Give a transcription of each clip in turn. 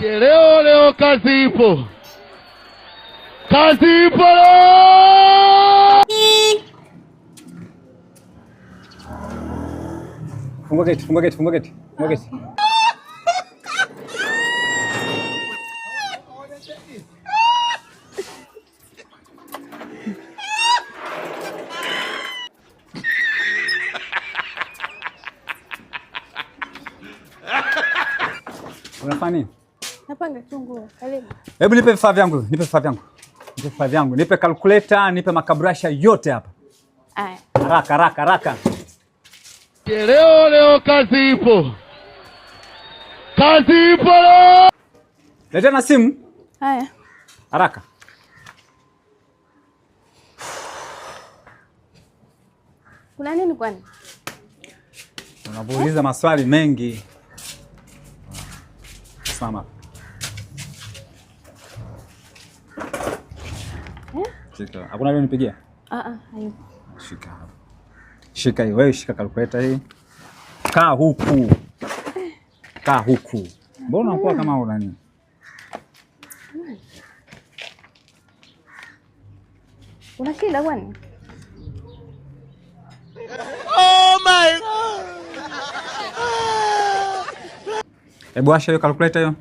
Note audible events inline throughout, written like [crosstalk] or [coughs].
Leo, leo, kazi ipo, kazi ipo leo. Funga gate, funga gate, funga gate, funga gate. Rafanin. Napanga tu nguo. Karibu. Hebu nipe vifaa vyangu, nipe vifaa vyangu. Nipe vifaa vyangu, nipe calculator, nipe makabrasha yote hapa. Aya. Haraka haraka haraka. Leo leo kazi ipo. Kazi ipo. Leta na simu. Aya. Haraka. Kuna nini kwani? Unamuuliza maswali mengi. Sama. Simama. Shika. Hakuna nipigia? Ah ah, hayupo. Shika Shika hiyo. Wewe shika kalkuleta hii. Kaa huku. Kaa huku. Mbona unakuwa kama una nini? Una shida gani? Oh my God. Hebu asha hiyo kalkuleta hiyo.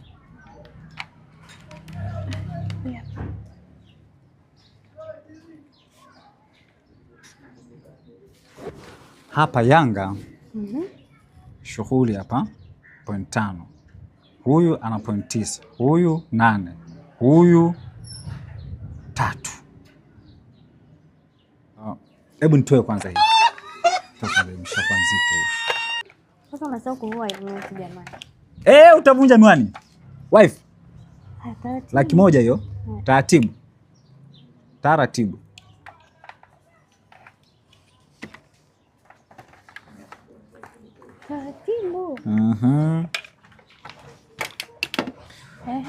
hapa Yanga mm -hmm. shughuli hapa point tano, huyu ana point tisa, huyu nane, huyu tatu. Oh, hebu oh, nitoe kwanza hii Eh, utavunja miwani wife, ah, laki moja hiyo, eh. taratibu taratibu Mhm.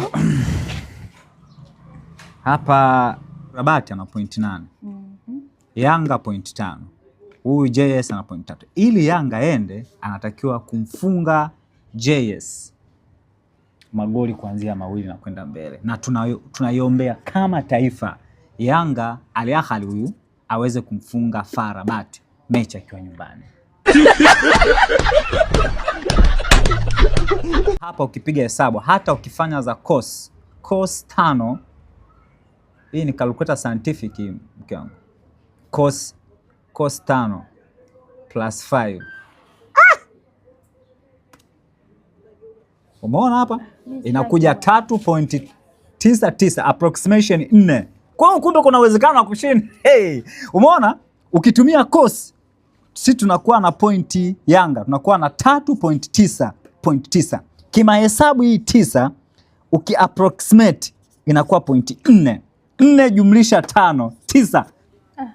[coughs] Hapa Rabati ana point nane. mm -hmm. Yanga point tano, huyu JS ana point tatu. Ili Yanga ende anatakiwa kumfunga JS magoli kuanzia mawili na kwenda mbele, na tunaiombea tuna kama taifa Yanga aliahali huyu aweze kumfunga FAR Rabat mechi akiwa nyumbani [laughs] hapa ukipiga hesabu hata ukifanya za course course tano, hii ni calculator scientific mke wangu, course course tano plus 5 ah! Umeona hapa inakuja 3.99 approximation 4. Kwa kumbe kuna uwezekano wa kushinda. [laughs] Hey, umeona ukitumia course si tunakuwa na pointi Yanga tunakuwa na 3.9.9. Kimahesabu hii tisa ukiapproximate inakuwa pointi nne nne jumlisha tano tisa. Ah,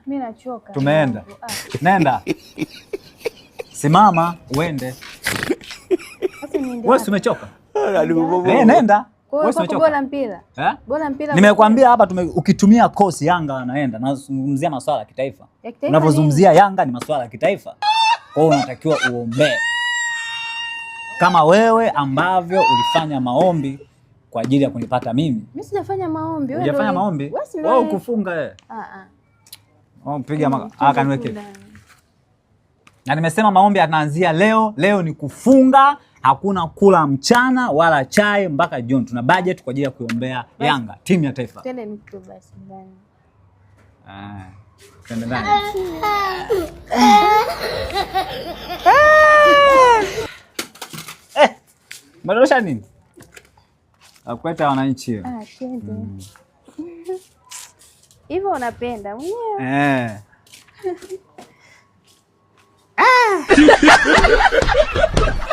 Tumeenda. Ah. Nenda. Simama uende. Wewe umechoka? Eh, nenda. Eh? Nimekwambia hapa ukitumia kosi Yanga anaenda nazungumzia maswala ya kitaifa. Unavyozungumzia Yanga ni maswala ya kitaifa, kwa hiyo unatakiwa uombee kama wewe ambavyo ulifanya maombi kwa ajili ya kunipata mimi. Mimi sijafanya maombi. Wewe unafanya maombi? Wewe ukufunga wewe. Ah ah. Oh, mpiga maka. Mm, ah, kaniweke. Na nimesema maombi yanaanzia leo. Leo ni kufunga, hakuna kula mchana wala chai mpaka jioni. Tuna budget kwa ajili ya kuombea Yanga, timu ya taifa. Tena ni basi ndani. Ah. Tena ndani. [laughs] Ah! Marusha nini? Akweta wananchi. Ah, twende. Mm. [laughs] Hivyo unapenda mwenyewe. Eh. [laughs] Ah! [laughs]